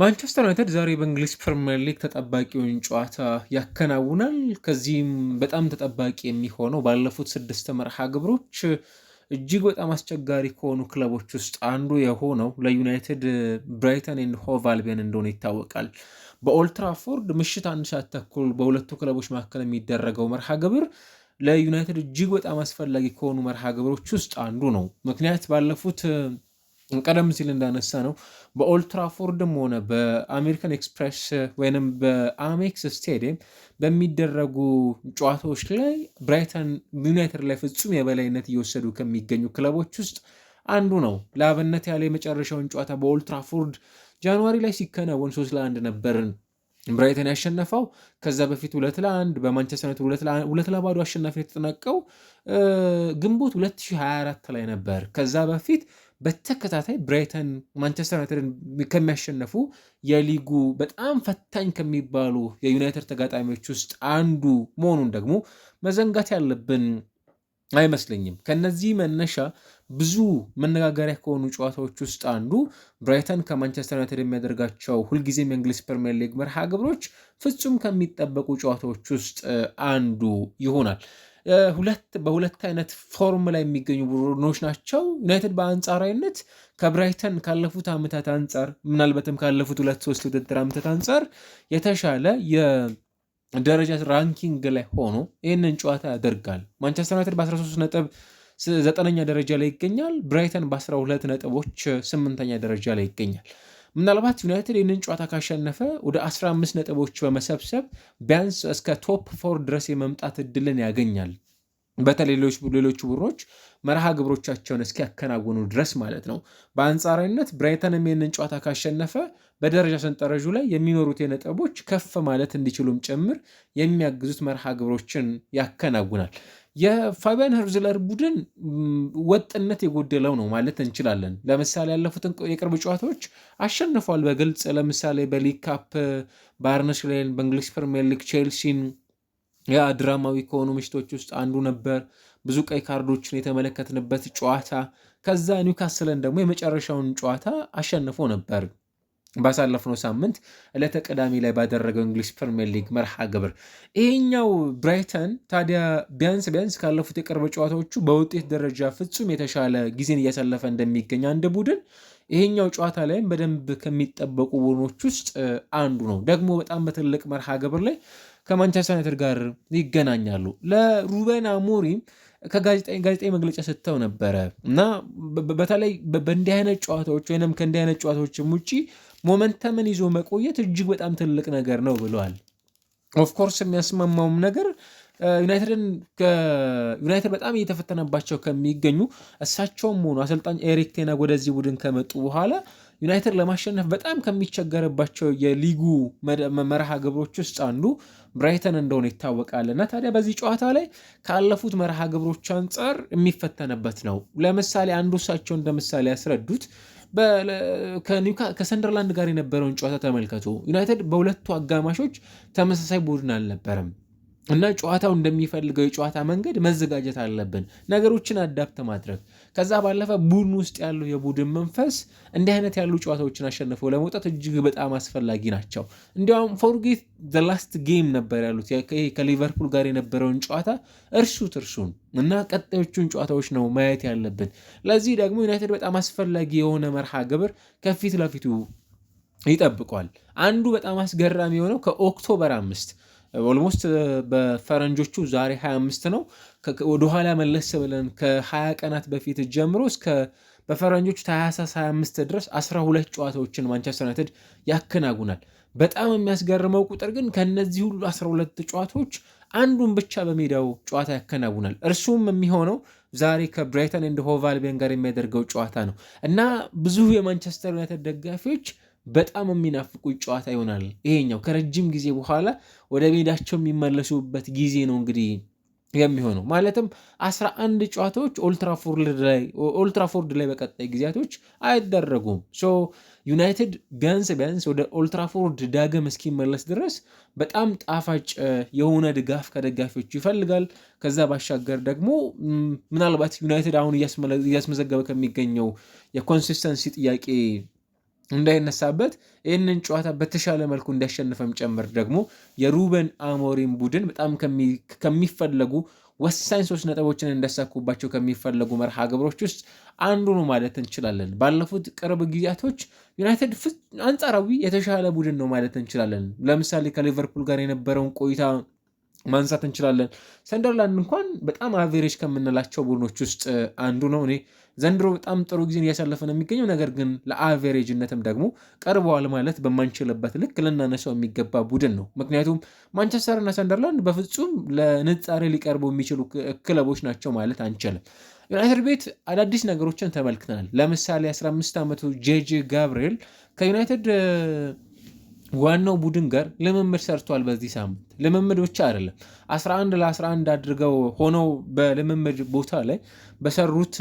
ማንቸስተር ዩናይትድ ዛሬ በእንግሊዝ ፕሪምየር ሊግ ተጠባቂውን ጨዋታ ያከናውናል። ከዚህም በጣም ተጠባቂ የሚሆነው ባለፉት ስድስት መርሃ ግብሮች እጅግ በጣም አስቸጋሪ ከሆኑ ክለቦች ውስጥ አንዱ የሆነው ለዩናይትድ ብራይተን ኤንድ ሆቭ አልቢዮን እንደሆነ ይታወቃል። በኦልትራፎርድ ምሽት አንድ ሰዓት ተኩል በሁለቱ ክለቦች መካከል የሚደረገው መርሃ ግብር ለዩናይትድ እጅግ በጣም አስፈላጊ ከሆኑ መርሃ ግብሮች ውስጥ አንዱ ነው። ምክንያት ባለፉት ቀደም ሲል እንዳነሳ ነው በኦልትራፎርድም ሆነ በአሜሪካን ኤክስፕሬስ ወይም በአሜክስ ስቴዲየም በሚደረጉ ጨዋታዎች ላይ ብራይተን ዩናይትድ ላይ ፍጹም የበላይነት እየወሰዱ ከሚገኙ ክለቦች ውስጥ አንዱ ነው። ለአብነት ያለ የመጨረሻውን ጨዋታ በኦልትራፎርድ ጃንዋሪ ላይ ሲከናወን ሶስት ለአንድ ነበርን ብራይተን ያሸነፈው። ከዛ በፊት ሁለት ለአንድ በማንቸስተር ዩናይትድ ሁለት ለባዶ አሸናፊ የተጠናቀው ግንቦት 2024 ላይ ነበር። ከዛ በፊት በተከታታይ ብራይተን ማንቸስተር ዩናይትድን ከሚያሸነፉ የሊጉ በጣም ፈታኝ ከሚባሉ የዩናይትድ ተጋጣሚዎች ውስጥ አንዱ መሆኑን ደግሞ መዘንጋት ያለብን አይመስለኝም። ከነዚህ መነሻ ብዙ መነጋገሪያ ከሆኑ ጨዋታዎች ውስጥ አንዱ ብራይተን ከማንቸስተር ዩናይትድ የሚያደርጋቸው ሁልጊዜም የእንግሊዝ ፕሪምየር ሊግ መርሃ ግብሮች ፍጹም ከሚጠበቁ ጨዋታዎች ውስጥ አንዱ ይሆናል። ሁለት በሁለት አይነት ፎርም ላይ የሚገኙ ቡድኖች ናቸው። ዩናይትድ በአንጻራዊነት ከብራይተን ካለፉት ዓመታት አንጻር ምናልባትም ካለፉት ሁለት ሶስት ውድድር ዓመታት አንጻር የተሻለ ደረጃ ራንኪንግ ላይ ሆኖ ይህንን ጨዋታ ያደርጋል። ማንቸስተር ዩናይትድ በ13 ነጥብ ዘጠነኛ ደረጃ ላይ ይገኛል። ብራይተን በ12 ነጥቦች ስምንተኛ ደረጃ ላይ ይገኛል። ምናልባት ዩናይትድ ይህንን ጨዋታ ካሸነፈ ወደ 15 ነጥቦች በመሰብሰብ ቢያንስ እስከ ቶፕ ፎር ድረስ የመምጣት እድልን ያገኛል። በተለይ ሌሎቹ ቡድኖች መርሃ ግብሮቻቸውን እስኪያከናውኑ ድረስ ማለት ነው። በአንጻራዊነት ብራይተንም ይህንን ጨዋታ ካሸነፈ በደረጃ ሰንጠረዡ ላይ የሚኖሩት የነጥቦች ከፍ ማለት እንዲችሉም ጭምር የሚያግዙት መርሃ ግብሮችን ያከናውናል። የፋቢያን ሄርዝለር ቡድን ወጥነት የጎደለው ነው ማለት እንችላለን። ለምሳሌ ያለፉትን የቅርብ ጨዋታዎች አሸንፏል በግልጽ ለምሳሌ በሊግ ካፕ ባርነስ በእንግሊዝ ፕሪሚየር ሊግ ቼልሲን ያ ድራማዊ ከሆኑ ምሽቶች ውስጥ አንዱ ነበር። ብዙ ቀይ ካርዶችን የተመለከትንበት ጨዋታ። ከዛ ኒውካስልን ደግሞ የመጨረሻውን ጨዋታ አሸንፎ ነበር። ባሳለፍነው ሳምንት ዕለተ ቅዳሜ ላይ ባደረገው እንግሊዝ ፕሪሚየር ሊግ መርሃ ግብር ይሄኛው ብራይተን ታዲያ ቢያንስ ቢያንስ ካለፉት የቅርብ ጨዋታዎቹ በውጤት ደረጃ ፍጹም የተሻለ ጊዜን እያሳለፈ እንደሚገኝ አንድ ቡድን ይሄኛው ጨዋታ ላይም በደንብ ከሚጠበቁ ቡድኖች ውስጥ አንዱ ነው። ደግሞ በጣም በትልቅ መርሃ ግብር ላይ ከማንቸስተር ዩናይትድ ጋር ይገናኛሉ። ለሩበን አሞሪም ከጋዜጣዊ መግለጫ ሰጥተው ነበረ እና በተለይ በእንዲህ አይነት ጨዋታዎች ወይም ከእንዲህ አይነት ጨዋታዎችም ውጭ ሞመንተምን ይዞ መቆየት እጅግ በጣም ትልቅ ነገር ነው ብለዋል። ኦፍኮርስ የሚያስማማውም ነገር ዩናይትድን ዩናይትድ በጣም እየተፈተነባቸው ከሚገኙ እሳቸውም ሆኑ አሰልጣኝ ኤሪክ ቴና ወደዚህ ቡድን ከመጡ በኋላ ዩናይትድ ለማሸነፍ በጣም ከሚቸገርባቸው የሊጉ መርሃ ግብሮች ውስጥ አንዱ ብራይተን እንደሆነ ይታወቃል። እና ታዲያ በዚህ ጨዋታ ላይ ካለፉት መርሃ ግብሮች አንጻር የሚፈተንበት ነው። ለምሳሌ አንዱ እሳቸው እንደ ምሳሌ ያስረዱት ከሰንደርላንድ ጋር የነበረውን ጨዋታ ተመልከቱ። ዩናይትድ በሁለቱ አጋማሾች ተመሳሳይ ቡድን አልነበረም። እና ጨዋታው እንደሚፈልገው የጨዋታ መንገድ መዘጋጀት አለብን። ነገሮችን አዳፕት ማድረግ ከዛ ባለፈ ቡድን ውስጥ ያለው የቡድን መንፈስ እንዲህ አይነት ያሉ ጨዋታዎችን አሸንፈው ለመውጣት እጅግ በጣም አስፈላጊ ናቸው። እንዲያውም ፎርጌት ላስት ጌም ነበር ያሉት ከሊቨርፑል ጋር የነበረውን ጨዋታ እርሱት እርሱን እና ቀጣዮቹን ጨዋታዎች ነው ማየት ያለብን። ለዚህ ደግሞ ዩናይትድ በጣም አስፈላጊ የሆነ መርሃ ግብር ከፊት ለፊቱ ይጠብቋል። አንዱ በጣም አስገራሚ የሆነው ከኦክቶበር አምስት ኦልሞስት በፈረንጆቹ ዛሬ 25 ነው። ወደኋላ መለስ ብለን ከ20 ቀናት በፊት ጀምሮ እስከ በፈረንጆቹ ታህሳስ 25 ድረስ 12 ጨዋታዎችን ማንቸስተር ዩናይትድ ያከናውናል። በጣም የሚያስገርመው ቁጥር ግን ከነዚህ ሁሉ 12 ጨዋታዎች አንዱን ብቻ በሜዳው ጨዋታ ያከናውናል። እርሱም የሚሆነው ዛሬ ከብራይተን ኤንድ ሆቭ አልቢዮን ጋር የሚያደርገው ጨዋታ ነው እና ብዙ የማንቸስተር ዩናይትድ ደጋፊዎች በጣም የሚናፍቁ ጨዋታ ይሆናል ይሄኛው። ከረጅም ጊዜ በኋላ ወደ ሜዳቸው የሚመለሱበት ጊዜ ነው እንግዲህ የሚሆነው ማለትም አስራ አንድ ጨዋታዎች ኦልትራፎርድ ላይ በቀጣይ ጊዜያቶች አይደረጉም። ሶ ዩናይትድ ቢያንስ ቢያንስ ወደ ኦልትራፎርድ ዳግም እስኪመለስ ድረስ በጣም ጣፋጭ የሆነ ድጋፍ ከደጋፊዎቹ ይፈልጋል። ከዛ ባሻገር ደግሞ ምናልባት ዩናይትድ አሁን እያስመዘገበ ከሚገኘው የኮንሲስተንሲ ጥያቄ እንዳይነሳበት ይህንን ጨዋታ በተሻለ መልኩ እንዲያሸንፈም ጨምር ደግሞ የሩበን አሞሪም ቡድን በጣም ከሚፈለጉ ወሳኝ ሶስት ነጥቦችን እንዳሳኩባቸው ከሚፈለጉ መርሃ ግብሮች ውስጥ አንዱ ነው ማለት እንችላለን። ባለፉት ቅርብ ጊዜያቶች ዩናይትድ አንጻራዊ የተሻለ ቡድን ነው ማለት እንችላለን። ለምሳሌ ከሊቨርፑል ጋር የነበረውን ቆይታ ማንሳት እንችላለን። ሰንደርላንድ እንኳን በጣም አቬሬጅ ከምንላቸው ቡድኖች ውስጥ አንዱ ነው እኔ ዘንድሮ በጣም ጥሩ ጊዜን እያሳለፈ ነው የሚገኘው። ነገር ግን ለአቬሬጅነትም ደግሞ ቀርበዋል ማለት በማንችልበት ልክ ልናነሳው የሚገባ ቡድን ነው። ምክንያቱም እና ሰንደርላንድ በፍጹም ለንጻሬ ሊቀርቡ የሚችሉ ክለቦች ናቸው ማለት አንችልም። ዩናይትድ ቤት አዳዲስ ነገሮችን ተመልክተናል። ለምሳሌ 15 ዓመቱ ጄጄ ጋብርኤል ከዩናይትድ ዋናው ቡድን ጋር ልምምድ ሰርቷል። በዚህ ሳምንት ልምምድ ብቻ አይደለም 11 ለ11 አድርገው ሆነው በልምምድ ቦታ ላይ በሰሩት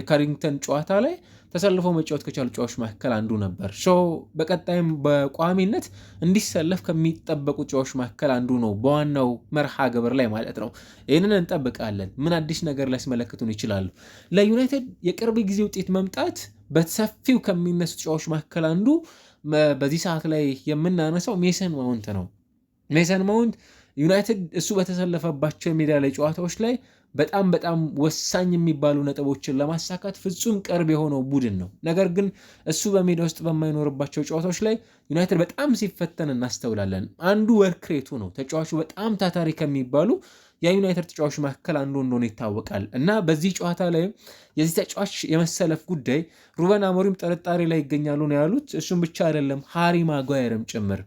የካሪንግተን ጨዋታ ላይ ተሰልፎ መጫወት ከቻሉ ጨዋቾች መካከል አንዱ ነበር። በቀጣይም በቋሚነት እንዲሰለፍ ከሚጠበቁ ጨዋቾች መካከል አንዱ ነው፣ በዋናው መርሃ ግብር ላይ ማለት ነው። ይህንን እንጠብቃለን። ምን አዲስ ነገር ሊያስመለክቱን ይችላሉ? ለዩናይትድ የቅርብ ጊዜ ውጤት መምጣት በሰፊው ከሚነሱ ጨዋቾች መካከል አንዱ በዚህ ሰዓት ላይ የምናነሳው ሜሰን ማውንት ነው። ሜሰን ማውንት ዩናይትድ እሱ በተሰለፈባቸው የሜዳ ላይ ጨዋታዎች ላይ በጣም በጣም ወሳኝ የሚባሉ ነጥቦችን ለማሳካት ፍጹም ቅርብ የሆነው ቡድን ነው። ነገር ግን እሱ በሜዳ ውስጥ በማይኖርባቸው ጨዋታዎች ላይ ዩናይትድ በጣም ሲፈተን እናስተውላለን። አንዱ ወርክሬቱ ነው። ተጫዋቹ በጣም ታታሪ ከሚባሉ የዩናይትድ ተጫዋች መካከል አንዱ እንደሆነ ይታወቃል እና በዚህ ጨዋታ ላይ የዚህ ተጫዋች የመሰለፍ ጉዳይ ሩበን አሞሪም ጥርጣሬ ላይ ይገኛሉ ነው ያሉት። እሱም ብቻ አይደለም ሃሪ ማጓየርም ጭምር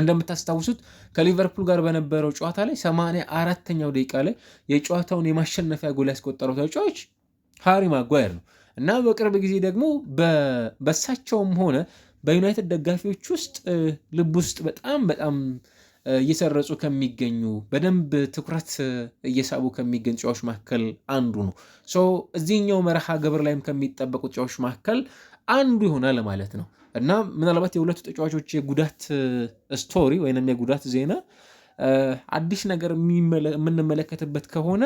እንደምታስታውሱት ከሊቨርፑል ጋር በነበረው ጨዋታ ላይ ሰማንያ አራተኛው ደቂቃ ላይ የጨዋታውን የማሸነፊያ ጎል ያስቆጠረው ተጫዋች ሃሪ ማጓየር ነው እና በቅርብ ጊዜ ደግሞ በሳቸውም ሆነ በዩናይትድ ደጋፊዎች ውስጥ ልብ ውስጥ በጣም በጣም እየሰረጹ ከሚገኙ በደንብ ትኩረት እየሳቡ ከሚገኙ ጨዋቾች መካከል አንዱ ነው። እዚህኛው መርሃ ግብር ላይም ከሚጠበቁት ጨዋቾች መካከል አንዱ ይሆናል ማለት ነው እና ምናልባት የሁለቱ ተጫዋቾች የጉዳት ስቶሪ ወይም የጉዳት ዜና አዲስ ነገር የምንመለከትበት ከሆነ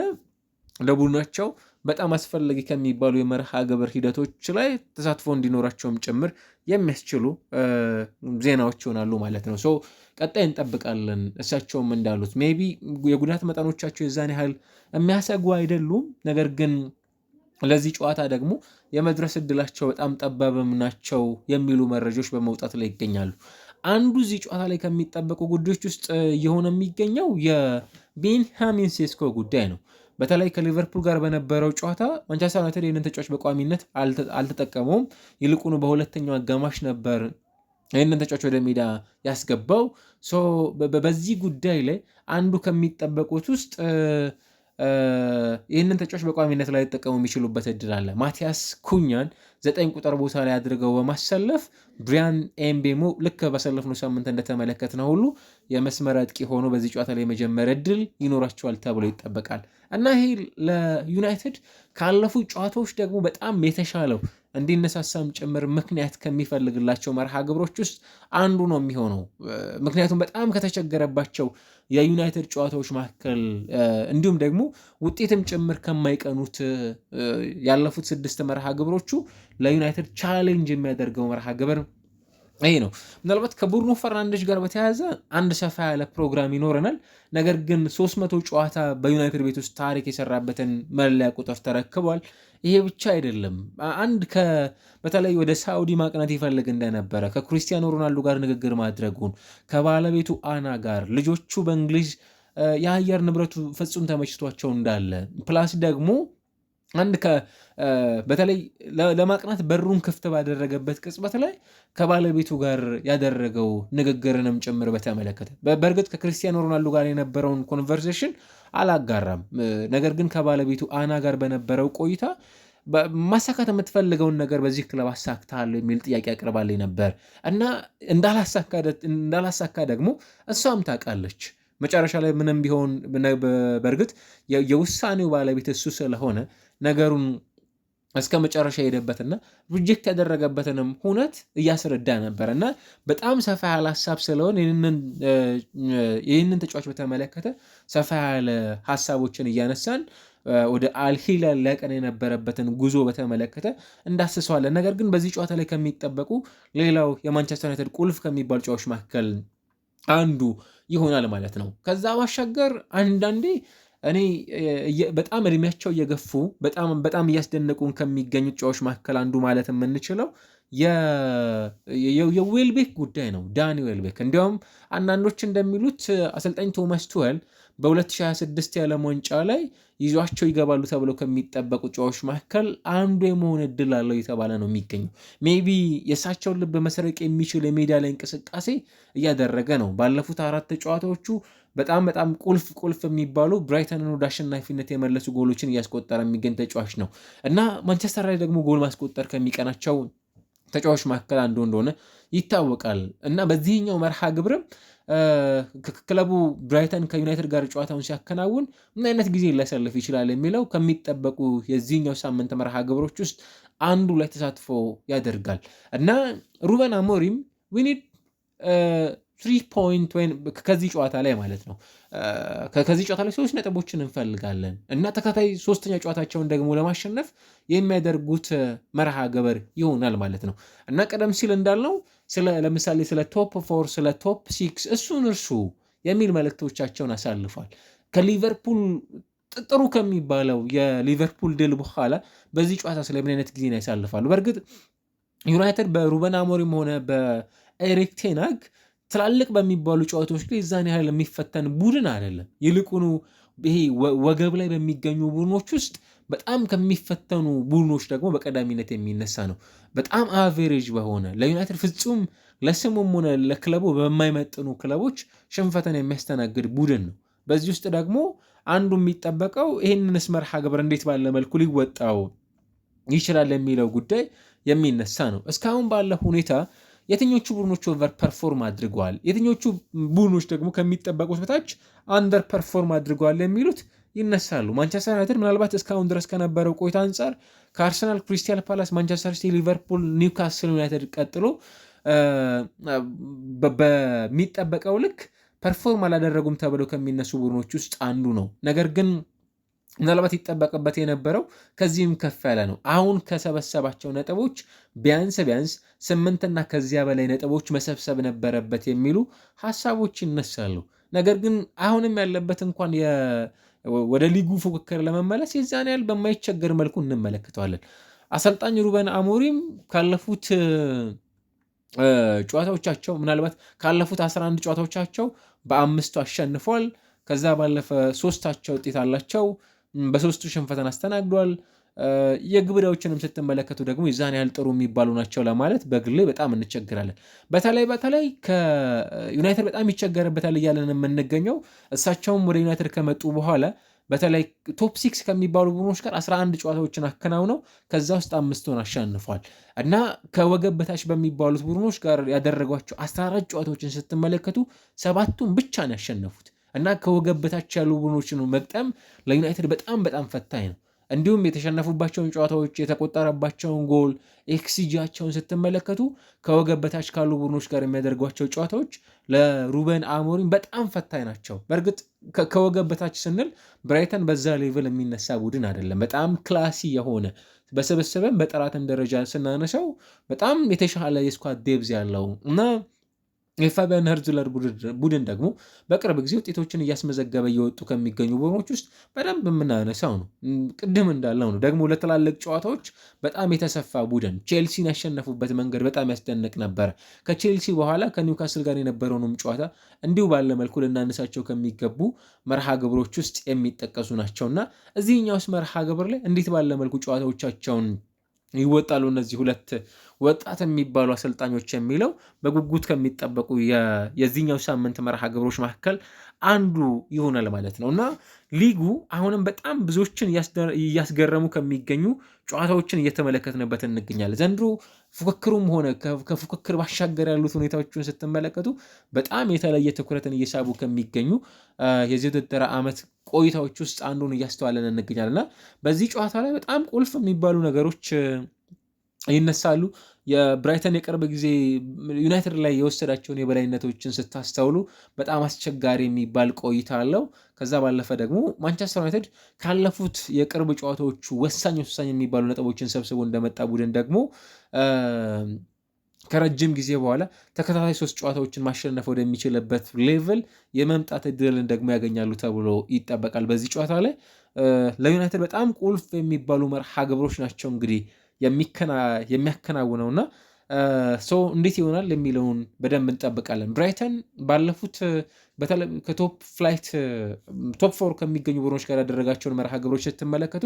ለቡድናቸው በጣም አስፈላጊ ከሚባሉ የመርሃ ግብር ሂደቶች ላይ ተሳትፎ እንዲኖራቸውም ጭምር የሚያስችሉ ዜናዎች ይሆናሉ ማለት ነው። ሰው ቀጣይ እንጠብቃለን። እሳቸውም እንዳሉት ሜይ ቢ የጉዳት መጠኖቻቸው የዛን ያህል የሚያሰጉ አይደሉም ነገር ግን ለዚህ ጨዋታ ደግሞ የመድረስ እድላቸው በጣም ጠባብም ናቸው የሚሉ መረጃዎች በመውጣት ላይ ይገኛሉ። አንዱ እዚህ ጨዋታ ላይ ከሚጠበቁ ጉዳዮች ውስጥ የሆነ የሚገኘው የቤንያሚን ሴስኮ ጉዳይ ነው። በተለይ ከሊቨርፑል ጋር በነበረው ጨዋታ ማንቸስተር ዩናይትድ ይህንን ተጫዋች በቋሚነት አልተጠቀመውም። ይልቁኑ በሁለተኛው አጋማሽ ነበር ይህንን ተጫዋች ወደ ሜዳ ያስገባው። በዚህ ጉዳይ ላይ አንዱ ከሚጠበቁት ውስጥ ይህንን ተጫዋች በቋሚነት ላይ ሊጠቀሙ የሚችሉበት እድል አለ። ማቲያስ ኩኛን ዘጠኝ ቁጥር ቦታ ላይ አድርገው በማሰለፍ ብሪያን ኤምቤሞ ልክ በሰለፍነው ሳምንት እንደተመለከትነው ሁሉ የመስመር አጥቂ ሆኖ በዚህ ጨዋታ ላይ የመጀመር እድል ይኖራቸዋል ተብሎ ይጠበቃል እና ይሄ ለዩናይትድ ካለፉት ጨዋታዎች ደግሞ በጣም የተሻለው እንዲነሳሳም ጭምር ምክንያት ከሚፈልግላቸው መርሃ ግብሮች ውስጥ አንዱ ነው የሚሆነው። ምክንያቱም በጣም ከተቸገረባቸው የዩናይትድ ጨዋታዎች መካከል እንዲሁም ደግሞ ውጤትም ጭምር ከማይቀኑት ያለፉት ስድስት መርሃ ግብሮቹ ለዩናይትድ ቻሌንጅ የሚያደርገው መርሃ ግብር ይሄ ነው ምናልባት ከቡርኖ ፈርናንዴዝ ጋር በተያያዘ አንድ ሰፋ ያለ ፕሮግራም ይኖረናል። ነገር ግን 300 ጨዋታ በዩናይትድ ቤት ውስጥ ታሪክ የሰራበትን መለያ ቁጥር ተረክቧል። ይሄ ብቻ አይደለም። አንድ በተለይ ወደ ሳውዲ ማቅናት ይፈልግ እንደነበረ ከክሪስቲያኖ ሮናልዶ ጋር ንግግር ማድረጉን ከባለቤቱ አና ጋር ልጆቹ በእንግሊዝ የአየር ንብረቱ ፍጹም ተመችቷቸው እንዳለ ፕላስ ደግሞ አንድ በተለይ ለማቅናት በሩን ክፍት ባደረገበት ቅጽበት ላይ ከባለቤቱ ጋር ያደረገው ንግግርንም ጭምር በተመለከተ በእርግጥ ከክርስቲያኖ ሮናልዶ ጋር የነበረውን ኮንቨርሴሽን አላጋራም። ነገር ግን ከባለቤቱ አና ጋር በነበረው ቆይታ ማሳካት የምትፈልገውን ነገር በዚህ ክለብ አሳክታል የሚል ጥያቄ አቅርባልኝ ነበር እና እንዳላሳካ ደግሞ እሷም ታውቃለች። መጨረሻ ላይ ምንም ቢሆን በእርግጥ የውሳኔው ባለቤት እሱ ስለሆነ ነገሩን እስከ መጨረሻ ሄደበትና ሪጀክት ያደረገበትንም ሁነት እያስረዳ ነበር እና በጣም ሰፋ ያለ ሀሳብ ስለሆን ይህንን ተጫዋች በተመለከተ ሰፋ ያለ ሀሳቦችን እያነሳን ወደ አልሂላል ለቀን የነበረበትን ጉዞ በተመለከተ እንዳስሰዋለን። ነገር ግን በዚህ ጨዋታ ላይ ከሚጠበቁ ሌላው የማንቸስተር ዩናይትድ ቁልፍ ከሚባሉ ጨዋቾች መካከል አንዱ ይሆናል ማለት ነው። ከዛ ባሻገር አንዳንዴ እኔ በጣም እድሜያቸው እየገፉ በጣም እያስደነቁን ከሚገኙ ጨዋቾች መካከል አንዱ ማለት የምንችለው የዌልቤክ ጉዳይ ነው። ዳኒ ዌልቤክ እንዲያውም አንዳንዶች እንደሚሉት አሰልጣኝ ቶማስ ቱዌል በ2026 የዓለም ዋንጫ ላይ ይዟቸው ይገባሉ ተብለው ከሚጠበቁ ጨዋቾች መካከል አንዱ የመሆን እድል አለው የተባለ ነው የሚገኘው። ሜቢ የእሳቸውን ልብ መሰረቅ የሚችል የሜዳ ላይ እንቅስቃሴ እያደረገ ነው። ባለፉት አራት ጨዋታዎቹ በጣም በጣም ቁልፍ ቁልፍ የሚባሉ ብራይተንን ወደ አሸናፊነት የመለሱ ጎሎችን እያስቆጠረ የሚገኝ ተጫዋች ነው እና ማንቸስተር ላይ ደግሞ ጎል ማስቆጠር ከሚቀናቸው ተጫዋች መካከል አንዱ እንደሆነ ይታወቃል እና በዚህኛው መርሃ ግብርም ክለቡ ብራይተን ከዩናይትድ ጋር ጨዋታውን ሲያከናውን ምን አይነት ጊዜ ሊያሰልፍ ይችላል የሚለው ከሚጠበቁ የዚህኛው ሳምንት መርሃ ግብሮች ውስጥ አንዱ ላይ ተሳትፎ ያደርጋል እና ሩበን አሞሪም ዊኒድ ትሪ ፖይንት ወይም ከዚህ ጨዋታ ላይ ማለት ነው። ከዚህ ጨዋታ ላይ ሶስት ነጥቦችን እንፈልጋለን እና ተከታይ ሶስተኛ ጨዋታቸውን ደግሞ ለማሸነፍ የሚያደርጉት መርሃ ገበር ይሆናል ማለት ነው እና ቀደም ሲል እንዳልነው ለምሳሌ ስለ ቶፕ ፎር፣ ስለ ቶፕ ሲክስ እሱን እርሱ የሚል መልእክቶቻቸውን አሳልፏል። ከሊቨርፑል ጥሩ ከሚባለው የሊቨርፑል ድል በኋላ በዚህ ጨዋታ ስለ ምን አይነት ጊዜን ያሳልፋሉ? በእርግጥ ዩናይትድ በሩበን አሞሪም ሆነ በኤሪክ ቴናግ ትላልቅ በሚባሉ ጨዋታዎች ግን የዛን ያህል የሚፈተን ቡድን አይደለም። ይልቁኑ ይሄ ወገብ ላይ በሚገኙ ቡድኖች ውስጥ በጣም ከሚፈተኑ ቡድኖች ደግሞ በቀዳሚነት የሚነሳ ነው። በጣም አቬሬጅ በሆነ ለዩናይትድ ፍጹም ለስሙም ሆነ ለክለቡ በማይመጥኑ ክለቦች ሽንፈትን የሚያስተናግድ ቡድን ነው። በዚህ ውስጥ ደግሞ አንዱ የሚጠበቀው ይህንንስ መርሃ ግብር እንዴት ባለ መልኩ ሊወጣው ይችላል የሚለው ጉዳይ የሚነሳ ነው። እስካሁን ባለ ሁኔታ የትኞቹ ቡድኖች ኦቨር ፐርፎርም አድርገዋል፣ የትኞቹ ቡድኖች ደግሞ ከሚጠበቁት በታች አንደር ፐርፎርም አድርገዋል የሚሉት ይነሳሉ። ማንቸስተር ዩናይትድ ምናልባት እስካሁን ድረስ ከነበረው ቆይታ አንጻር ከአርሰናል፣ ክሪስታል ፓላስ፣ ማንቸስተር ሲቲ፣ ሊቨርፑል፣ ኒውካስል ዩናይትድ ቀጥሎ በሚጠበቀው ልክ ፐርፎርም አላደረጉም ተብለው ከሚነሱ ቡድኖች ውስጥ አንዱ ነው። ነገር ግን ምናልባት ይጠበቅበት የነበረው ከዚህም ከፍ ያለ ነው። አሁን ከሰበሰባቸው ነጥቦች ቢያንስ ቢያንስ ስምንትና ከዚያ በላይ ነጥቦች መሰብሰብ ነበረበት የሚሉ ሀሳቦች ይነሳሉ። ነገር ግን አሁንም ያለበት እንኳን ወደ ሊጉ ፉክክር ለመመለስ የዚያን ያህል በማይቸገር መልኩ እንመለከተዋለን። አሰልጣኝ ሩበን አሞሪም ካለፉት ጨዋታዎቻቸው ምናልባት ካለፉት 11 ጨዋታዎቻቸው በአምስቱ አሸንፏል። ከዛ ባለፈ ሶስታቸው ውጤት አላቸው። በሶስቱ ሽንፈትን አስተናግዷል። የግብዳዎችንም ስትመለከቱ ደግሞ የዛን ያህል ጥሩ የሚባሉ ናቸው ለማለት በግሌ በጣም እንቸግራለን። በተለይ በተለይ ከዩናይትድ በጣም ይቸገርበታል እያለን የምንገኘው እሳቸውም ወደ ዩናይትድ ከመጡ በኋላ በተለይ ቶፕ ሲክስ ከሚባሉ ቡድኖች ጋር 11 ጨዋታዎችን አከናውነው ከዛ ውስጥ አምስቱን አሸንፏል እና ከወገብ በታች በሚባሉት ቡድኖች ጋር ያደረጓቸው 14 ጨዋታዎችን ስትመለከቱ ሰባቱን ብቻ ነው ያሸነፉት። እና ከወገብ በታች ያሉ ቡድኖችን መግጠም ለዩናይትድ በጣም በጣም ፈታኝ ነው። እንዲሁም የተሸነፉባቸውን ጨዋታዎች የተቆጠረባቸውን ጎል ኤክስጂያቸውን ስትመለከቱ ከወገብ በታች ካሉ ቡድኖች ጋር የሚያደርጓቸው ጨዋታዎች ለሩበን አሞሪም በጣም ፈታኝ ናቸው። በእርግጥ ከወገብ በታች ስንል ብራይተን በዛ ሌቭል የሚነሳ ቡድን አይደለም። በጣም ክላሲ የሆነ በስብስብም በጥራትም ደረጃ ስናነሰው በጣም የተሻለ የስኳድ ዴብዝ ያለው እና የፋቢያን ሄርዝለር ቡድን ደግሞ በቅርብ ጊዜ ውጤቶችን እያስመዘገበ እየወጡ ከሚገኙ ቡድኖች ውስጥ በደንብ የምናነሳው ነው። ቅድም እንዳለው ነው ደግሞ ለትላልቅ ጨዋታዎች በጣም የተሰፋ ቡድን ቼልሲን ያሸነፉበት መንገድ በጣም ያስደንቅ ነበረ። ከቼልሲ በኋላ ከኒውካስል ጋር የነበረውንም ጨዋታ እንዲሁ ባለ መልኩ ልናነሳቸው ከሚገቡ መርሃ ግብሮች ውስጥ የሚጠቀሱ ናቸውና እዚህኛውስ መርሃ ግብር ላይ እንዴት ባለ መልኩ ጨዋታዎቻቸውን ይወጣሉ እነዚህ ሁለት ወጣት የሚባሉ አሰልጣኞች የሚለው በጉጉት ከሚጠበቁ የዚህኛው ሳምንት መርሃ ግብሮች መካከል አንዱ ይሆናል ማለት ነው እና ሊጉ አሁንም በጣም ብዙዎችን እያስገረሙ ከሚገኙ ጨዋታዎችን እየተመለከትንበት እንገኛለን። ዘንድሮ ፉክክሩም ሆነ ከፉክክር ባሻገር ያሉት ሁኔታዎችን ስትመለከቱ በጣም የተለየ ትኩረትን እየሳቡ ከሚገኙ የዚህ ውድድር ዓመት ቆይታዎች ውስጥ አንዱን እያስተዋለን እንገኛለን እና በዚህ ጨዋታ ላይ በጣም ቁልፍ የሚባሉ ነገሮች ይነሳሉ። የብራይተን የቅርብ ጊዜ ዩናይትድ ላይ የወሰዳቸውን የበላይነቶችን ስታስተውሉ በጣም አስቸጋሪ የሚባል ቆይታ አለው። ከዛ ባለፈ ደግሞ ማንቸስተር ዩናይትድ ካለፉት የቅርብ ጨዋታዎቹ ወሳኝ ወሳኝ የሚባሉ ነጥቦችን ሰብስቦ እንደመጣ ቡድን ደግሞ ከረጅም ጊዜ በኋላ ተከታታይ ሶስት ጨዋታዎችን ማሸነፍ ወደሚችልበት ሌቭል የመምጣት እድልን ደግሞ ያገኛሉ ተብሎ ይጠበቃል። በዚህ ጨዋታ ላይ ለዩናይትድ በጣም ቁልፍ የሚባሉ መርሃ ግብሮች ናቸው እንግዲህ የሚያከናውነውና ሶ እንዴት ይሆናል የሚለውን በደንብ እንጠብቃለን። ብራይተን ባለፉት ከቶፕ ፍላይት ቶፕ ፎር ከሚገኙ ቡድኖች ጋር ያደረጋቸውን መርሃ ግብሮች ስትመለከቱ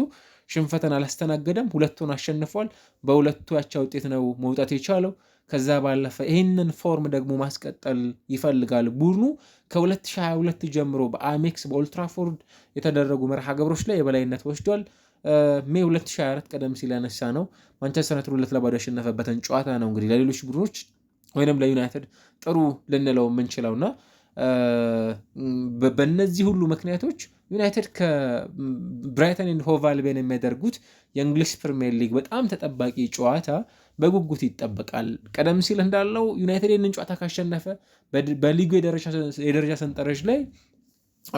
ሽንፈትን አላስተናገደም። ሁለቱን አሸንፏል። በሁለቱ ያቻ ውጤት ነው መውጣት የቻለው። ከዛ ባለፈ ይህንን ፎርም ደግሞ ማስቀጠል ይፈልጋል ቡድኑ ከ2022 ጀምሮ በአሜክስ በኦልትራፎርድ የተደረጉ መርሃ ግብሮች ላይ የበላይነት ወስዷል። ሜ 2024 ቀደም ሲል ያነሳ ነው ማንቸስተር ዩናይትድ ሁለት ለባዶ ያሸነፈበትን ጨዋታ ነው እንግዲህ ለሌሎች ቡድኖች ወይንም ለዩናይትድ ጥሩ ልንለው የምንችለውና በእነዚህ ሁሉ ምክንያቶች ዩናይትድ ከብራይተን ኤንድ ሆቭ አልቢዮን የሚያደርጉት የእንግሊሽ ፕሪሚየር ሊግ በጣም ተጠባቂ ጨዋታ በጉጉት ይጠበቃል። ቀደም ሲል እንዳለው ዩናይትድ ይህንን ጨዋታ ካሸነፈ በሊጉ የደረጃ ሰንጠረዥ ላይ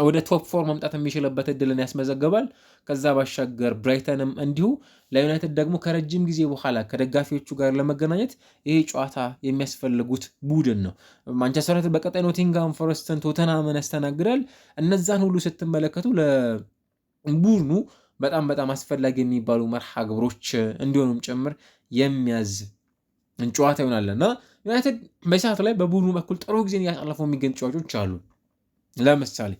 ወደ ቶፕ ፎር መምጣት የሚችልበት እድልን ያስመዘገባል። ከዛ ባሻገር ብራይተንም እንዲሁ ለዩናይትድ ደግሞ ከረጅም ጊዜ በኋላ ከደጋፊዎቹ ጋር ለመገናኘት ይህ ጨዋታ የሚያስፈልጉት ቡድን ነው። ማንቸስተር ዩናይትድ በቀጣይ ኖቲንግሃም ፎረስትን፣ ቶተናምን ያስተናግዳል። እነዛን ሁሉ ስትመለከቱ ለቡድኑ በጣም በጣም አስፈላጊ የሚባሉ መርሃ ግብሮች እንዲሆኑም ጭምር የሚያዝ ጨዋታ ይሆናል እና ዩናይትድ በሰዓት ላይ በቡድኑ በኩል ጥሩ ጊዜ እያሳለፈው የሚገኝ ተጫዋቾች አሉ ለምሳሌ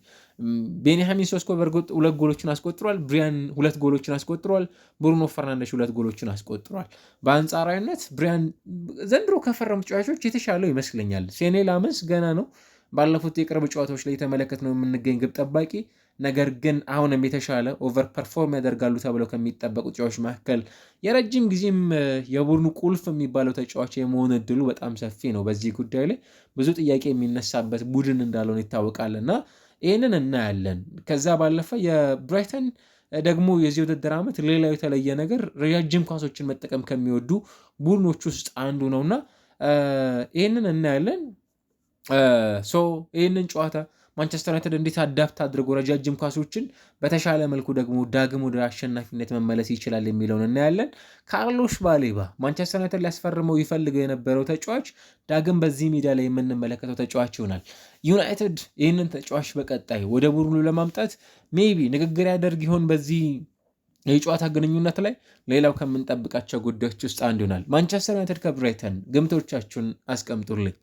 ቤንያሚን ሶስት ኮቨር ሁለት ጎሎችን አስቆጥሯል። ብሪያን ሁለት ጎሎችን አስቆጥሯል። ብሩኖ ፈርናንደሽ ሁለት ጎሎችን አስቆጥሯል። በአንጻራዊነት ብሪያን ዘንድሮ ከፈረሙ ተጫዋቾች የተሻለው ይመስለኛል። ሴኔ ላመንስ ገና ነው። ባለፉት የቅርብ ጨዋታዎች ላይ የተመለከት ነው የምንገኝ ግብ ጠባቂ ነገር ግን አሁንም የተሻለ ኦቨር ፐርፎርም ያደርጋሉ ተብለው ከሚጠበቁ ተጫዋቾች መካከል የረጅም ጊዜም የቡድኑ ቁልፍ የሚባለው ተጫዋች የመሆን እድሉ በጣም ሰፊ ነው። በዚህ ጉዳይ ላይ ብዙ ጥያቄ የሚነሳበት ቡድን እንዳልሆነ ይታወቃል እና ይህንን እናያለን። ከዛ ባለፈ የብራይተን ደግሞ የዚህ ውድድር ዓመት ሌላው የተለየ ነገር ረጃጅም ኳሶችን መጠቀም ከሚወዱ ቡድኖች ውስጥ አንዱ ነውና ይህንን እናያለን። ሶ ይህንን ጨዋታ ማንቸስተር ዩናይትድ እንዴት አዳፕት አድርጎ ረጃጅም ኳሶችን በተሻለ መልኩ ደግሞ ዳግም ወደ አሸናፊነት መመለስ ይችላል የሚለውን እናያለን። ካርሎሽ ባሌባ ማንቸስተር ዩናይትድ ሊያስፈርመው ይፈልገው የነበረው ተጫዋች ዳግም በዚህ ሜዳ ላይ የምንመለከተው ተጫዋች ይሆናል። ዩናይትድ ይህንን ተጫዋች በቀጣይ ወደ ቡድኑ ለማምጣት ሜቢ ንግግር ያደርግ ይሆን በዚህ የጨዋታ ግንኙነት ላይ ሌላው ከምንጠብቃቸው ጉዳዮች ውስጥ አንዱ ይሆናል። ማንቸስተር ዩናይትድ ከብራይተን ግምቶቻችሁን አስቀምጡልኝ።